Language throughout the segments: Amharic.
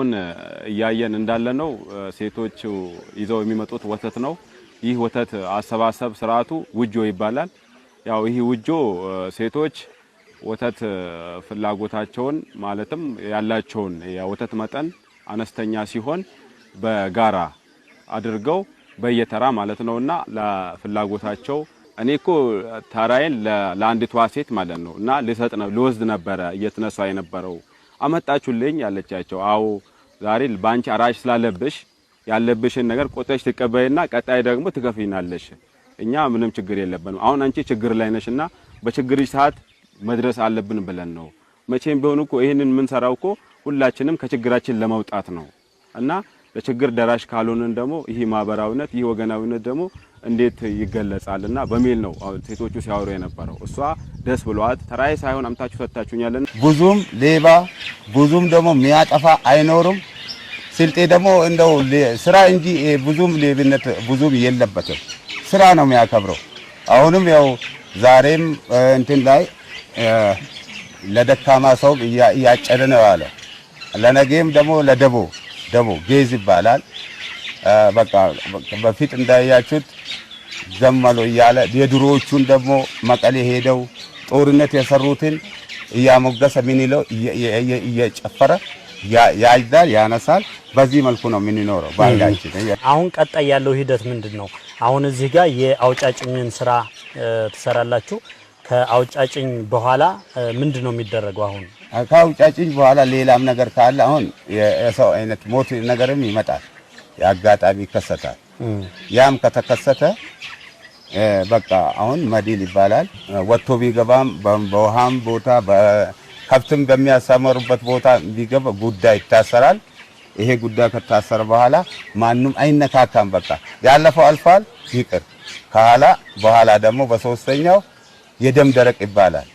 አሁን እያየን እንዳለ ነው። ሴቶቹ ይዘው የሚመጡት ወተት ነው። ይህ ወተት አሰባሰብ ስርዓቱ ውጆ ይባላል። ያው ይህ ውጆ ሴቶች ወተት ፍላጎታቸውን ማለትም ያላቸውን የወተት መጠን አነስተኛ ሲሆን በጋራ አድርገው በየተራ ማለት ነውና ለፍላጎታቸው እኔ እኮ ተራዬን ለአንዲቷ ሴት ማለት ነው እና ልሰጥ ልወስድ ነበረ እየተነሳ የነበረው አመጣችሁልኝ ያለቻቸው አዎ ዛሬ ባንቺ አራሽ ስላለብሽ ያለብሽን ነገር ቆጠሽ ትቀበይና ቀጣይ ደግሞ ትከፍይናለሽ። እኛ ምንም ችግር የለብንም። አሁን አንቺ ችግር ላይ ነሽና በችግርሽ ሰዓት መድረስ አለብን ብለን ነው። መቼም ቢሆን እኮ ይህንን የምንሰራው እኮ ሁላችንም ከችግራችን ለመውጣት ነው እና ለችግር ደራሽ ካልሆንን ደግሞ ይህ ማህበራዊነት ይህ ወገናዊነት ደግሞ እንዴት ይገለጻልና በሚል ነው ሴቶቹ ሲያወሩ የነበረው እሷ ደስ ብሏት ተራዬ ሳይሆን አምታችሁ ሰጥታችሁኛለን። ብዙም ሌባ ብዙም ደግሞ የሚያጠፋ አይኖርም። ስልጤ ደግሞ እንደው ስራ እንጂ ብዙም ሌብነት ብዙም የለበትም። ስራ ነው የሚያከብረው። አሁንም ያው ዛሬም እንትን ላይ ለደካማ ሰው እያጨደ ነው ያለ። ለነገም ደግሞ ለደቦ ደቦ ጌዝ ይባላል። በቃ በፊት እንዳያችሁት ዘመሎ እያለ የድሮዎቹን ደግሞ መቀሌ ሄደው ጦርነት የሰሩትን እያሞገሰ ምን ይለው እየጨፈረ ያይዛል ያነሳል። በዚህ መልኩ ነው የምንኖረው ባህላችን። አሁን ቀጣይ ያለው ሂደት ምንድን ነው? አሁን እዚህ ጋር የአውጫጭኝን ስራ ትሰራላችሁ። ከአውጫጭኝ በኋላ ምንድን ነው የሚደረገው? አሁን ከአውጫጭኝ በኋላ ሌላም ነገር ካለ አሁን የሰው አይነት ሞት ነገርም ይመጣል፣ አጋጣሚ ይከሰታል። ያም ከተከሰተ በቃ አሁን መዲል ይባላል። ወጥቶ ቢገባም በውሃም ቦታ ከብትም በሚያሰመሩበት ቦታ ቢገባ ጉዳይ ይታሰራል። ይሄ ጉዳይ ከታሰረ በኋላ ማንም አይነካካም። በቃ ያለፈው አልፏል ይቅር ከኋላ በኋላ ደግሞ በሶስተኛው የደም ደረቅ ይባላል።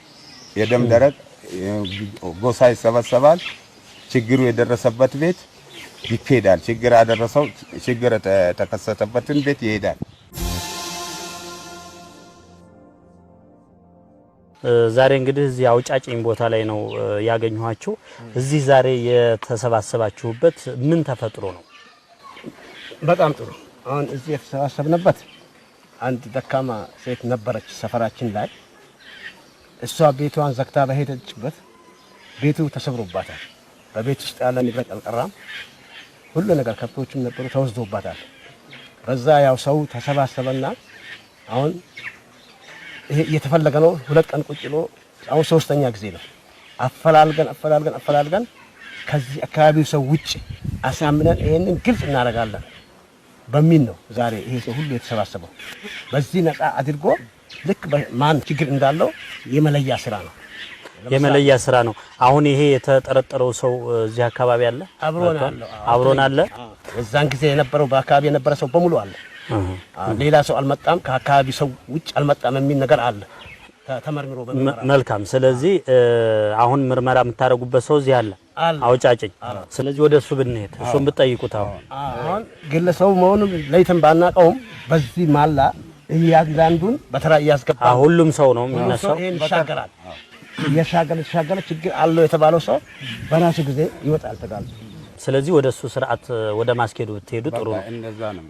የደም ደረቅ ጎሳ ይሰበሰባል። ችግሩ የደረሰበት ቤት ይሄዳል። ችግር አደረሰው ችግር የተከሰተበትን ቤት ይሄዳል። ዛሬ እንግዲህ እዚህ አውጫጭኝ ቦታ ላይ ነው ያገኘኋችሁ። እዚህ ዛሬ የተሰባሰባችሁበት ምን ተፈጥሮ ነው? በጣም ጥሩ። አሁን እዚህ የተሰባሰብንበት አንድ ደካማ ሴት ነበረች ሰፈራችን ላይ። እሷ ቤቷን ዘግታ በሄደችበት ቤቱ ተሰብሮባታል። በቤት ውስጥ ያለ ንብረት አልቀራም፣ ሁሉ ነገር ከብቶችም ነበሩ ተወስዶባታል። በዛ ያው ሰው ተሰባሰበና አሁን ይሄ እየተፈለገ ነው። ሁለት ቀን ቁጭ ብሎ አሁን ሶስተኛ ጊዜ ነው። አፈላልገን አፈላልገን አፈላልገን ከዚህ አካባቢው ሰው ውጭ አሳምነን ይሄንን ግልጽ እናደርጋለን በሚል ነው ዛሬ ይሄ ሰው ሁሉ የተሰባሰበው። በዚህ ነፃ አድርጎ ልክ ማን ችግር እንዳለው የመለያ ስራ ነው የመለያ ስራ ነው። አሁን ይሄ የተጠረጠረው ሰው እዚህ አካባቢ አለ፣ አብሮን አለ፣ አብሮን ጊዜ የነበረው በአካባቢ የነበረ ሰው በሙሉ አለ። ሌላ ሰው አልመጣም፣ ከአካባቢ ሰው ውጭ አልመጣም የሚል ነገር አለ ተመርምሮ። መልካም። ስለዚህ አሁን ምርመራ የምታደርጉበት ሰው እዚህ አለ አውጫጭኝ። ስለዚህ ወደ እሱ ብንሄድ እሱን ብጠይቁት አሁን አሁን ግለሰቡ መሆኑን ለይተን ባናቀውም በዚህ ማላ እያንዳንዱን በተራ እያስገባ ሁሉም ሰው ነው የሚነሳው። ይሄን ይሻገራል እየሻገረ የተሻገረ ችግር አለው የተባለው ሰው በራሱ ጊዜ ይወጣል ተጋልጾ። ስለዚህ ወደ እሱ ስርዓት ወደ ማስኬዱ ብትሄዱ ጥሩ ነው።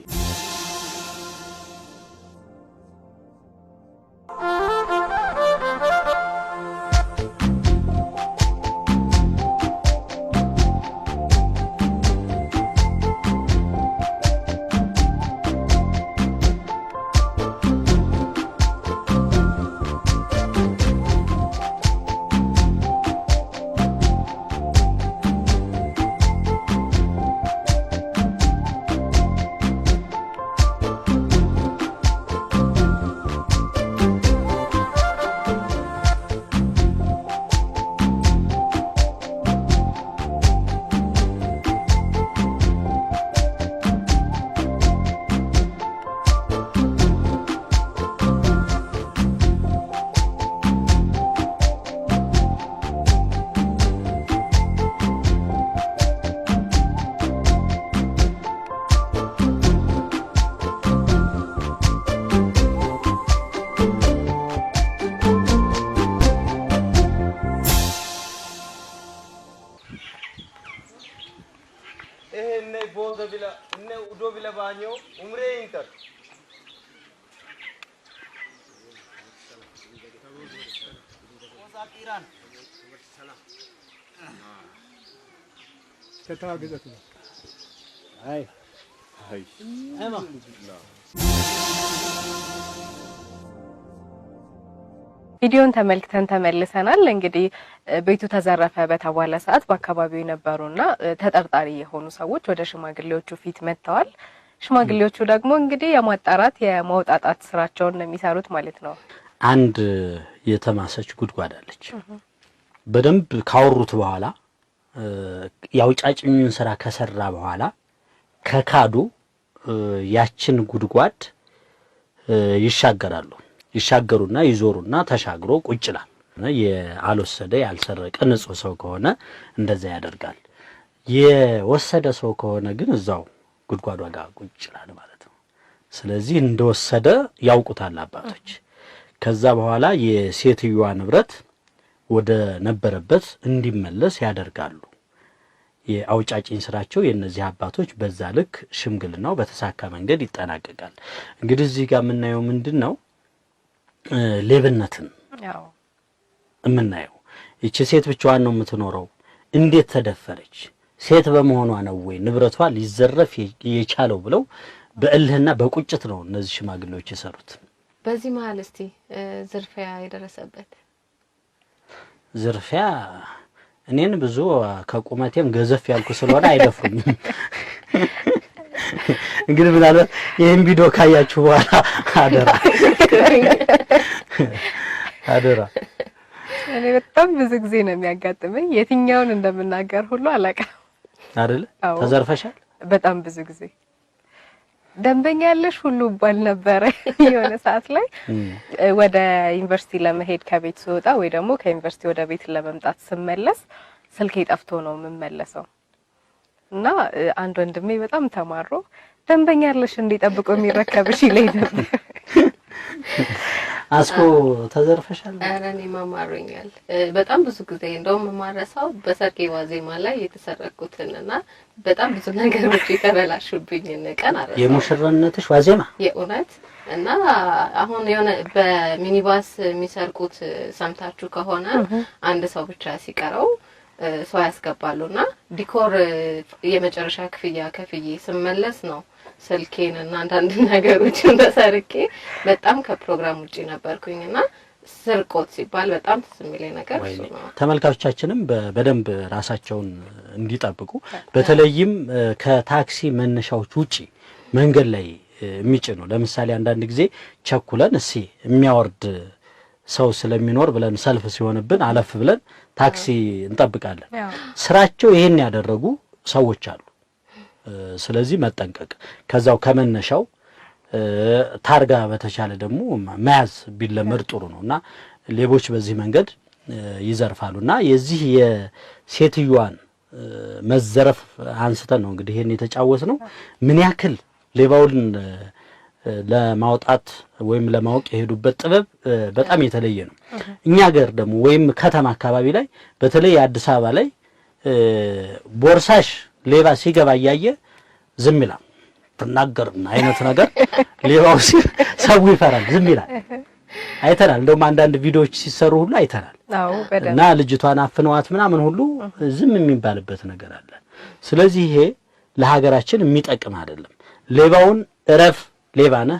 bile banyo umreye inter Hey. Hey. አይ አይ አይማ ቪዲዮን ተመልክተን ተመልሰናል። እንግዲህ ቤቱ ተዘረፈ በተባለ ሰዓት በአካባቢው የነበሩና ተጠርጣሪ የሆኑ ሰዎች ወደ ሽማግሌዎቹ ፊት መጥተዋል። ሽማግሌዎቹ ደግሞ እንግዲህ የማጣራት የማውጣጣት ስራቸውን ነው የሚሰሩት ማለት ነው። አንድ የተማሰች ጉድጓድ አለች። በደንብ ካወሩት በኋላ የአውጫጭኙን ስራ ከሰራ በኋላ ከካዱ ያችን ጉድጓድ ይሻገራሉ። ይሻገሩና ይዞሩና ተሻግሮ ቁጭላል። ያልወሰደ ያልሰረቀ ንጹህ ሰው ከሆነ እንደዛ ያደርጋል። የወሰደ ሰው ከሆነ ግን እዛው ጉድጓዷ ጋር ቁጭላል ማለት ነው። ስለዚህ እንደወሰደ ያውቁታል አባቶች። ከዛ በኋላ የሴትዮዋ ንብረት ወደ ነበረበት እንዲመለስ ያደርጋሉ። የአውጫጭኝ ስራቸው የእነዚህ አባቶች በዛ ልክ ሽምግልናው በተሳካ መንገድ ይጠናቀቃል። እንግዲህ እዚህ ጋር የምናየው ምንድን ነው? ሌብነትን የምናየው። ይቺ ሴት ብቻዋን ነው የምትኖረው። እንዴት ተደፈረች? ሴት በመሆኗ ነው ወይ ንብረቷ ሊዘረፍ የቻለው ብለው በእልህና በቁጭት ነው እነዚህ ሽማግሌዎች የሰሩት። በዚህ መሀል እስቲ ዝርፊያ የደረሰበት ዝርፊያ እኔን ብዙ ከቁመቴም ገዘፍ ያልኩ ስለሆነ አይደፉኝም። እንግዲህ ምናልባት ይህን ቪዲዮ ካያችሁ በኋላ አደራ አደራ። እኔ በጣም ብዙ ጊዜ ነው የሚያጋጥመኝ። የትኛውን እንደምናገር ሁሉ አላውቅም። አይደለ ተዘርፈሻል? በጣም ብዙ ጊዜ ደንበኛ ያለሽ ሁሉ ባል ነበረ። የሆነ ሰዓት ላይ ወደ ዩኒቨርሲቲ ለመሄድ ከቤት ስወጣ ወይ ደግሞ ከዩኒቨርሲቲ ወደ ቤት ለመምጣት ስመለስ ስልኬ ጠፍቶ ነው የምመለሰው። እና አንድ ወንድሜ በጣም ተማሮ ደንበኛ ያለሽ እንዲጠብቆ የሚረከብሽ ይለኝ ነበር። አስኮ ተዘርፈሻል። ኧረ እኔ ማማሮኛል በጣም ብዙ ጊዜ እንደውም የማረሳው በሰርጌ ዋዜማ ላይ የተሰረቁትን እና በጣም ብዙ ነገሮች የተበላሹብኝን ቀን አረ የሙሽራነትሽ ዋዜማ የእውነት እና አሁን የሆነ በሚኒባስ የሚሰርቁት ሰምታችሁ ከሆነ አንድ ሰው ብቻ ሲቀረው ሰው ያስገባሉ እና ዲኮር የመጨረሻ ክፍያ ከፍዬ ስመለስ ነው ስልኬን እና አንዳንድ ነገሮችን ተሰርቄ በጣም ከፕሮግራም ውጪ ነበርኩኝ እና ስርቆት ሲባል በጣም ትዝ የሚለኝ ነገር ተመልካቾቻችንም በደንብ ራሳቸውን እንዲጠብቁ በተለይም ከታክሲ መነሻዎች ውጪ መንገድ ላይ የሚጭኑ ለምሳሌ አንዳንድ ጊዜ ቸኩለን እሴ የሚያወርድ ሰው ስለሚኖር ብለን ሰልፍ ሲሆንብን አለፍ ብለን ታክሲ እንጠብቃለን። ስራቸው ይሄን ያደረጉ ሰዎች አሉ። ስለዚህ መጠንቀቅ ከዛው ከመነሻው ታርጋ በተቻለ ደግሞ መያዝ ቢለመድ ጥሩ ነው እና ሌቦች በዚህ መንገድ ይዘርፋሉ እና የዚህ የሴትዮዋን መዘረፍ አንስተን ነው እንግዲህ ይህን የተጫወት ነው ምን ያክል ሌባውን ለማውጣት ወይም ለማወቅ የሄዱበት ጥበብ በጣም የተለየ ነው። እኛ ሀገር ደግሞ ወይም ከተማ አካባቢ ላይ በተለይ አዲስ አበባ ላይ ቦርሳሽ ሌባ ሲገባ እያየ ዝም ይላል። ትናገርና አይነት ነገር ሌባው ሰው ይፈራል፣ ዝም ይላል። አይተናል። እንደውም አንዳንድ ቪዲዮዎች ሲሰሩ ሁሉ አይተናል። እና ልጅቷን አፍነዋት ምናምን ሁሉ ዝም የሚባልበት ነገር አለ። ስለዚህ ይሄ ለሀገራችን የሚጠቅም አይደለም። ሌባውን እረፍ ሌባ ነህ፣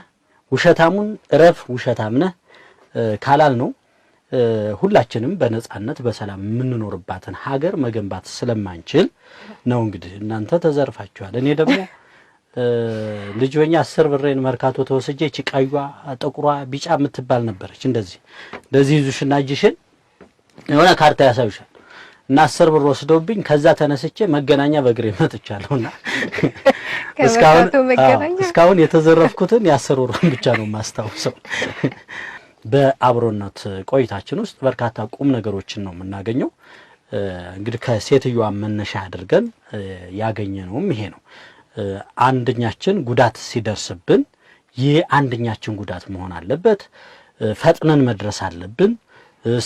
ውሸታሙን እረፍ፣ ውሸታም ነህ ካላል ነው ሁላችንም በነጻነት በሰላም የምንኖርባትን ሀገር መገንባት ስለማንችል ነው። እንግዲህ እናንተ ተዘርፋችኋል። እኔ ደግሞ ልጅ ሆኜ አስር ብሬን መርካቶ ተወስጄ ጭቃዩዋ ጥቁሯ ቢጫ የምትባል ነበረች። እንደዚህ እንደዚህ ይዙሽና እጅሽን የሆነ ካርታ ያሳዩሻል እና አስር ብር ወስደውብኝ ከዛ ተነስቼ መገናኛ በእግሬ መጥቻለሁና እስካሁን እስካሁን የተዘረፍኩትን የአስር ብሩን ብቻ ነው የማስታውሰው። በአብሮነት ቆይታችን ውስጥ በርካታ ቁም ነገሮችን ነው የምናገኘው። እንግዲህ ከሴትዮዋ መነሻ አድርገን ያገኘነውም ይሄ ነው። አንደኛችን ጉዳት ሲደርስብን ይህ አንደኛችን ጉዳት መሆን አለበት። ፈጥነን መድረስ አለብን።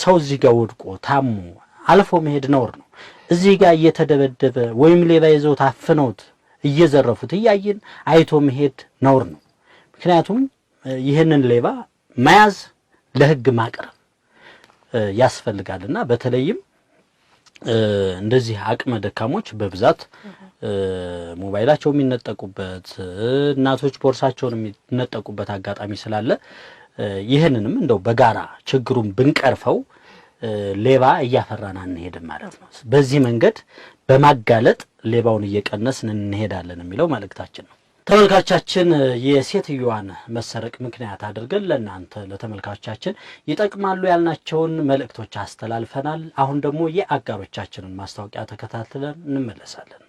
ሰው እዚህ ጋር ወድቆ ታሞ አልፎ መሄድ ነውር ነው። እዚህ ጋር እየተደበደበ ወይም ሌባ ይዘው ታፍነውት እየዘረፉት እያየን አይቶ መሄድ ነውር ነው። ምክንያቱም ይህንን ሌባ መያዝ ለህግ ማቅረብ ያስፈልጋልና በተለይም እንደዚህ አቅመ ደካሞች በብዛት ሞባይላቸው የሚነጠቁበት እናቶች ቦርሳቸውን የሚነጠቁበት አጋጣሚ ስላለ ይህንንም እንደው በጋራ ችግሩን ብንቀርፈው ሌባ እያፈራን አንሄድም ማለት ነው። በዚህ መንገድ በማጋለጥ ሌባውን እየቀነስን እንሄዳለን የሚለው መልእክታችን ነው። ተመልካቻችን የሴትዮዋን መሰረቅ ምክንያት አድርገን ለእናንተ ለተመልካቻችን ይጠቅማሉ ያልናቸውን መልእክቶች አስተላልፈናል። አሁን ደግሞ የአጋሮቻችንን ማስታወቂያ ተከታትለን እንመለሳለን።